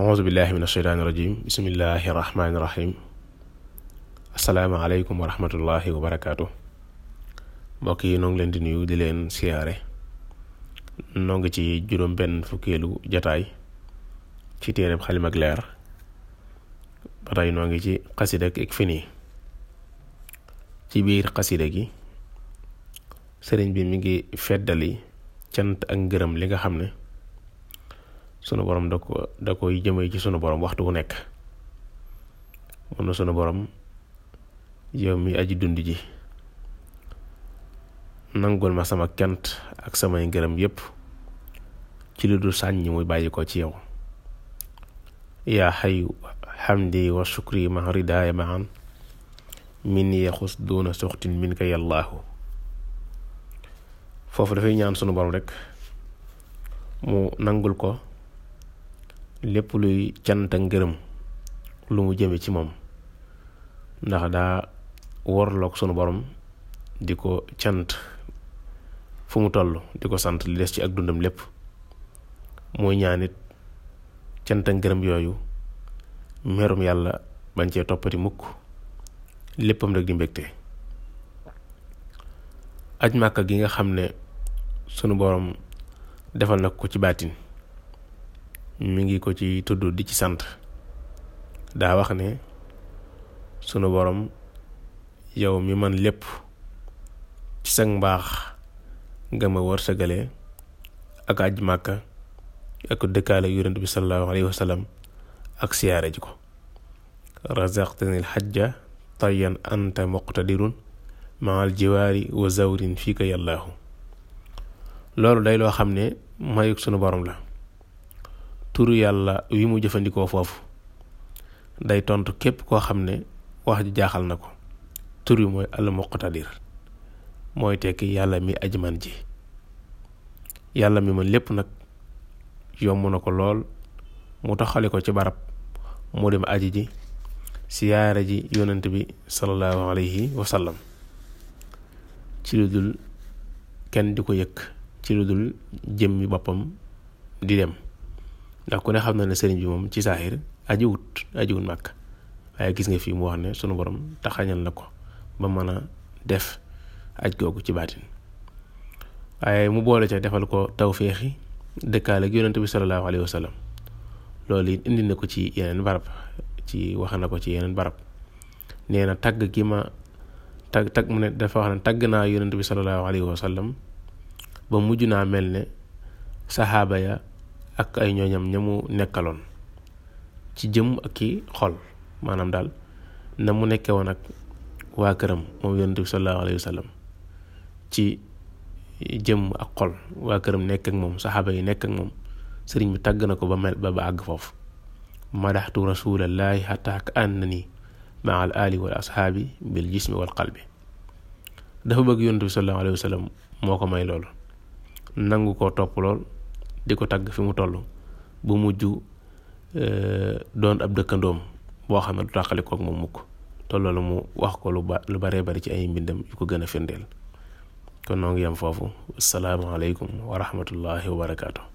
ahousubillahi min asheytaani irajim bismillahi irahmaani irahim asalaamaaleykum wa rahmatullahi wa barakaatu mbokk yi noo ngi leen di nuyu di leen siyaare noo ngi ci juróom benn fukkeelu jataay ci téereb Xalimag Leer ba tey noo ngi ci xasida ak fini ci biir xasida gi sëriñ bi mu ngi feddali cant ak ngërëm li nga xam ne sunu borom da ko da koy jëmee ci sunu borom waxtu wu nekk mun na sunu borom yow mi aji dund ji nangul ma sama kent ak samay ngërëm yépp ci lu dul sàññi muy bàyyi ko ci yow yaa xayu xamdi wa shukri ma ridaaya maan min yaxus duuna suxtin min ka yallaahu foofu dafay ñaan sunu borom rek mu nangul ko lépp luy cant ak ngërëm lu mu jëme ci moom ndax daa warloog sunu borom di ko cant fu mu toll di ko sant li des ci ak dundam lépp mooy ñaanit cant ak ngërëm yooyu merum yàlla bañ cee toppati mukk léppam rek di mbégte aj màkka gi nga xam ne sunu borom defal na ko ci baatin mi ngi ko ci tudd di ci sant daa wax ne sunu boroom yow mi man lépp ci sag mbaax nga ma sëgale ak aj màkka ak dëkkaale yonent bi sallallahu alayhi wa ak siyaare ji ko razaqtanil xajja tayyan anta muqtadirun maal jiwaari wa zawrin fii ka loolu day loo xam ne mayug sunu boroom la turu yàlla wi mu jëfandikoo foofu day tontu képp koo xam ne wax ji jaaxal na ko tur wi mooy al muqtadir mooy tekki yàlla mi aji man ji yàlla mi man lépp nag yomb na ko lool mu taxale ko ci barab mu dem aji ji siyaara ji yonent bi sallallahu alayhi wa sallam ci lu dul kenn di ko yëkk ci lu dul jëmmi boppam di dem ndax ku ne xam na ne sëriñ bi moom ci saaxir ajiwut ajiwut màkk waaye gis nga fii mu wax ne sunu borom taxañal na ko ba mën a def aj googu ci baatin waaye mu boole ca defal ko tawféexi dëkkaale ak yonent bi salallaahu alayhi wa sallam loolu it indi na ko ci yeneen barab ci wax na ko ci yeneen barab nee na tagg gi ma tag tag mu ne dafa wax ne tagg naa yonent bi salallaahu alayhi wa sallam ba mujj naa mel ne saxaaba ya ak ay ñooñam ñamu nekkaloon ci jëm ak i xol maanaam daal na mu nekkee woon ak waa këram moom yonent bi sallallahu alayhi ci jëm ak xol waa këram nekk ak moom saxaaba yi nekk ak moom sëriñ bi tàgg na ko ba mel ba àgg foofu madaxtu rasulallaahi xataa ka ànd ni maa al ali wal ashaabi bil jismi wal qalbi dafa bëgg yonent bi sallallahu alayhi moo ko may loolu nangu koo topp lool di ko tagg fi mu toll bu mujj euh, doon ab dëkkandoom boo xam ne du tàqalikook moom mukk te loolu mu wax ko lu ba lu baree bari ci ay mbindam yu ko gën a firndeel kon noo ngi yem foofu asalaamaaleykum wa rahmatullahi wa barakaatu.